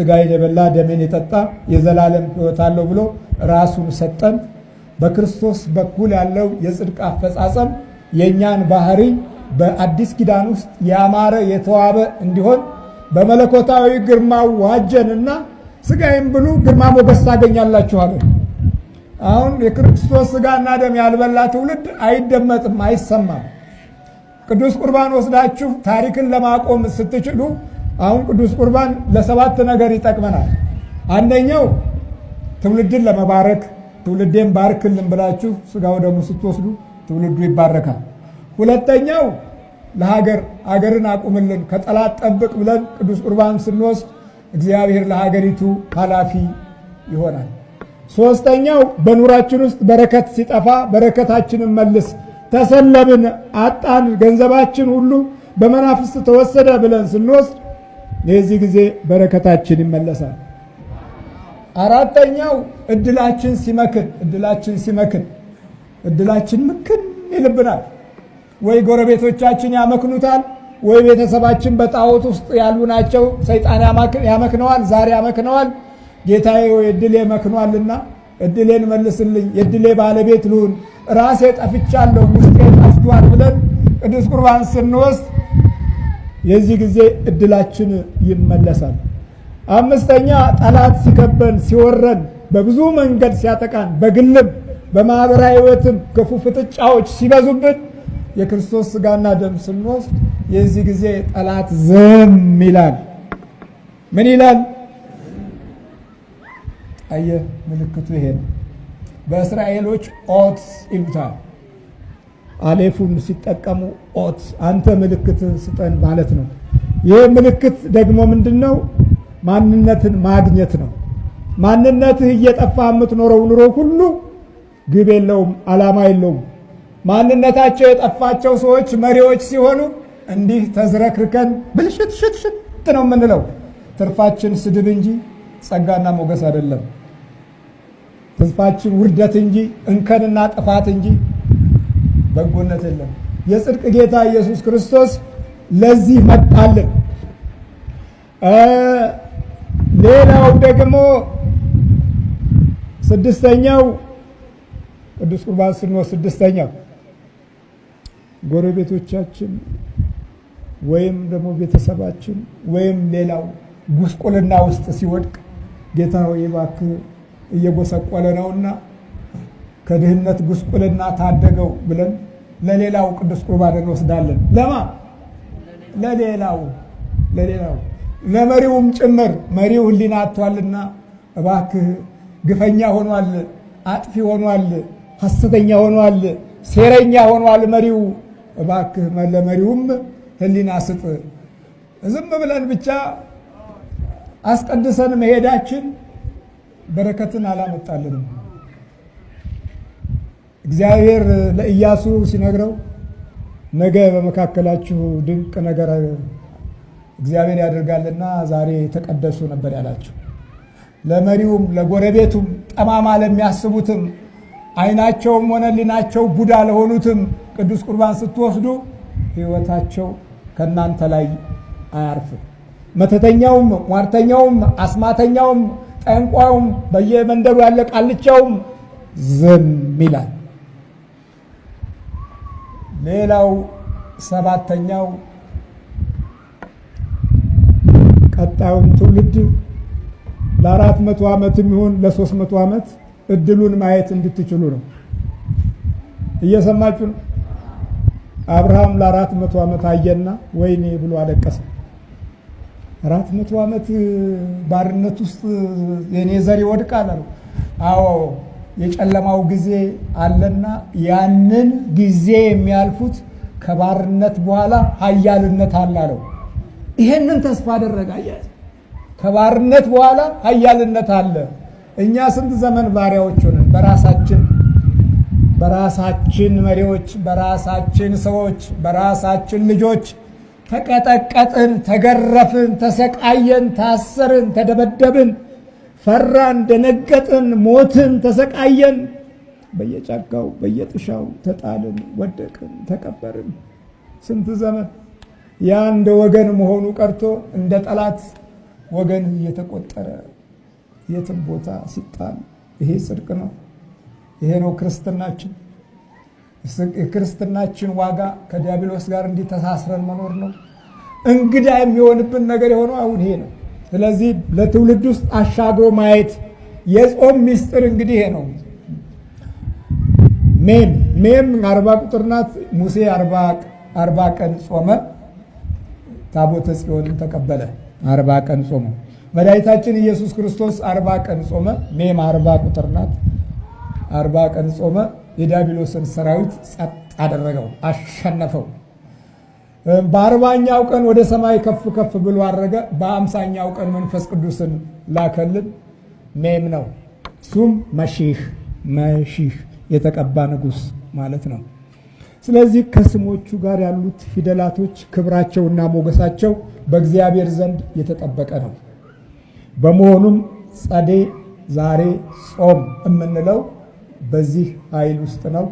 ስጋዬን የበላ ደሜን የጠጣ የዘላለም ሕይወት አለው ብሎ ራሱን ሰጠን። በክርስቶስ በኩል ያለው የጽድቅ አፈጻጸም የእኛን ባህሪ በአዲስ ኪዳን ውስጥ ያማረ የተዋበ እንዲሆን በመለኮታዊ ግርማው ዋጀንና ስጋዬን ብሉ ግርማ ሞገስ አለ። አሁን የክርስቶስ ስጋና ደም ያልበላ ትውልድ አይደመጥም፣ አይሰማም። ቅዱስ ቁርባን ወስዳችሁ ታሪክን ለማቆም ስትችሉ አሁን ቅዱስ ቁርባን ለሰባት ነገር ይጠቅመናል። አንደኛው ትውልድን ለመባረክ ትውልዴን ባርክልን ብላችሁ ስጋው ደሙ ስትወስዱ ትውልዱ ይባረካል። ሁለተኛው ለሀገር አገርን አቁምልን ከጠላት ጠብቅ ብለን ቅዱስ ቁርባን ስንወስድ እግዚአብሔር ለሀገሪቱ ኃላፊ ይሆናል። ሶስተኛው በኑራችን ውስጥ በረከት ሲጠፋ በረከታችንን መልስ፣ ተሰለብን፣ አጣን፣ ገንዘባችን ሁሉ በመናፍስት ተወሰደ ብለን ስንወስድ የዚህ ጊዜ በረከታችን ይመለሳል። አራተኛው እድላችን ሲመክን እድላችን ሲመክን እድላችን ምክን ይልብናል። ወይ ጎረቤቶቻችን ያመክኑታል፣ ወይ ቤተሰባችን በጣዖት ውስጥ ያሉ ናቸው። ሰይጣን ያመክነዋል፣ ዛሬ ያመክነዋል። ጌታዬ ወይ እድሌ መክኗልና እድሌን መልስልኝ፣ የእድሌ ባለቤት ልሁን፣ ራሴ ጠፍቻለሁ፣ ውስጤ ጠፍቷል ብለን ቅዱስ ቁርባን ስንወስድ የዚህ ጊዜ እድላችን ይመለሳል። አምስተኛ ጠላት ሲከበን ሲወረን በብዙ መንገድ ሲያጠቃን በግልም በማህበራዊ ሕይወትም ክፉ ፍጥጫዎች ሲበዙብን የክርስቶስ ስጋና ደም ስንወስድ የዚህ ጊዜ ጠላት ዝም ይላል። ምን ይላል? አየህ፣ ምልክቱ ይሄ ነው። በእስራኤሎች ኦት ይሉታል። አሌፉን ሲጠቀሙ ኦት አንተ ምልክት ስጠን ማለት ነው። ይህ ምልክት ደግሞ ምንድን ነው? ማንነትን ማግኘት ነው። ማንነትህ እየጠፋ የምትኖረው ኑሮ ሁሉ ግብ የለውም፣ ዓላማ የለውም። ማንነታቸው የጠፋቸው ሰዎች መሪዎች ሲሆኑ እንዲህ ተዝረክርከን ብልሽት ሽትሽት ነው የምንለው። ትርፋችን ስድብ እንጂ ጸጋና ሞገስ አይደለም። ትርፋችን ውርደት እንጂ እንከንና ጥፋት እንጂ በጎነት የለም። የጽድቅ ጌታ ኢየሱስ ክርስቶስ ለዚህ መጣልን። ሌላው ደግሞ ስድስተኛው ቅዱስ ቁርባን ስንወስድ ስድስተኛው ጎረቤቶቻችን ወይም ደግሞ ቤተሰባችን ወይም ሌላው ጉስቁልና ውስጥ ሲወድቅ ጌታ ሆይ እባክህ እየጎሰቆለ ነውና ከድህነት ጉስቁልና ታደገው ብለን ለሌላው ቅዱስ ቁርባን እንወስዳለን። ለማ ለሌላው ለሌላው ለመሪውም ጭምር መሪው ህሊና አጥቷልና እባክህ ግፈኛ ሆኗል፣ አጥፊ ሆኗል፣ ሐሰተኛ ሆኗል፣ ሴረኛ ሆኗል መሪው እባክህ ለመሪውም ህሊና ስጥ። ዝም ብለን ብቻ አስቀድሰን መሄዳችን በረከትን አላመጣልንም። እግዚአብሔር ለኢያሱ ሲነግረው ነገ በመካከላችሁ ድንቅ ነገር እግዚአብሔር ያደርጋልና ዛሬ ተቀደሱ ነበር ያላቸው። ለመሪውም ለጎረቤቱም ጠማማ ለሚያስቡትም አይናቸውም ሆነ ሊናቸው ቡዳ ለሆኑትም ቅዱስ ቁርባን ስትወስዱ ሕይወታቸው ከእናንተ ላይ አያርፍም። መተተኛውም፣ ሟርተኛውም፣ አስማተኛውም፣ ጠንቋውም፣ በየመንደሩ ያለ ቃልቻውም ዝም ይላል። ሌላው ሰባተኛው ቀጣዩን ትውልድ ለአራት መቶ ዓመት የሚሆን ለሶስት መቶ ዓመት እድሉን ማየት እንድትችሉ ነው። እየሰማችሁ ነው። አብርሃም ለአራት መቶ ዓመት አየና ወይኔ ብሎ አለቀሰ። አራት መቶ ዓመት ባርነት ውስጥ የኔ ዘር ይወድቃል አለው። አዎ የጨለማው ጊዜ አለና ያንን ጊዜ የሚያልፉት ከባርነት በኋላ ኃያልነት አለ አለው። ይሄንን ተስፋ አደረገ። አያዝ ከባርነት በኋላ ኃያልነት አለ። እኛ ስንት ዘመን ባሪያዎች ሆነን በራሳችን በራሳችን መሪዎች፣ በራሳችን ሰዎች፣ በራሳችን ልጆች ተቀጠቀጥን፣ ተገረፍን፣ ተሰቃየን፣ ታሰርን፣ ተደበደብን። ፈራን፣ ደነገጥን፣ ሞትን፣ ተሰቃየን። በየጫካው በየጥሻው ተጣልን፣ ወደቅን፣ ተቀበርን። ስንት ዘመን ያ እንደ ወገን መሆኑ ቀርቶ እንደ ጠላት ወገን እየተቆጠረ የትም ቦታ ሲጣል፣ ይሄ ጽድቅ ነው? ይሄ ነው ክርስትናችን? የክርስትናችን ዋጋ ከዲያብሎስ ጋር እንዲተሳስረን መኖር ነው። እንግዳ የሚሆንብን ነገር የሆነው አሁን ይሄ ነው። ስለዚህ ለትውልድ ውስጥ አሻግሮ ማየት የጾም ሚስጥር እንግዲህ ይሄ ነው። ሜም ሜም አርባ ቁጥር ናት። ሙሴ አርባ ቀን ጾመ፣ ታቦተ ጽዮንን ተቀበለ። አርባ ቀን ጾመ። መድኃኒታችን ኢየሱስ ክርስቶስ አርባ ቀን ጾመ። ሜም አርባ ቁጥር ናት። አርባ ቀን ጾመ። የዲያብሎስን ሰራዊት ጸጥ አደረገው፣ አሸነፈው። በአርባኛው ቀን ወደ ሰማይ ከፍ ከፍ ብሎ አረገ። በአምሳኛው ቀን መንፈስ ቅዱስን ላከልን። ሜም ነው እሱም መሺህ መሺህ የተቀባ ንጉስ ማለት ነው። ስለዚህ ከስሞቹ ጋር ያሉት ፊደላቶች ክብራቸውና ሞገሳቸው በእግዚአብሔር ዘንድ የተጠበቀ ነው። በመሆኑም ጸዴ ዛሬ ጾም የምንለው በዚህ ኃይል ውስጥ ነው።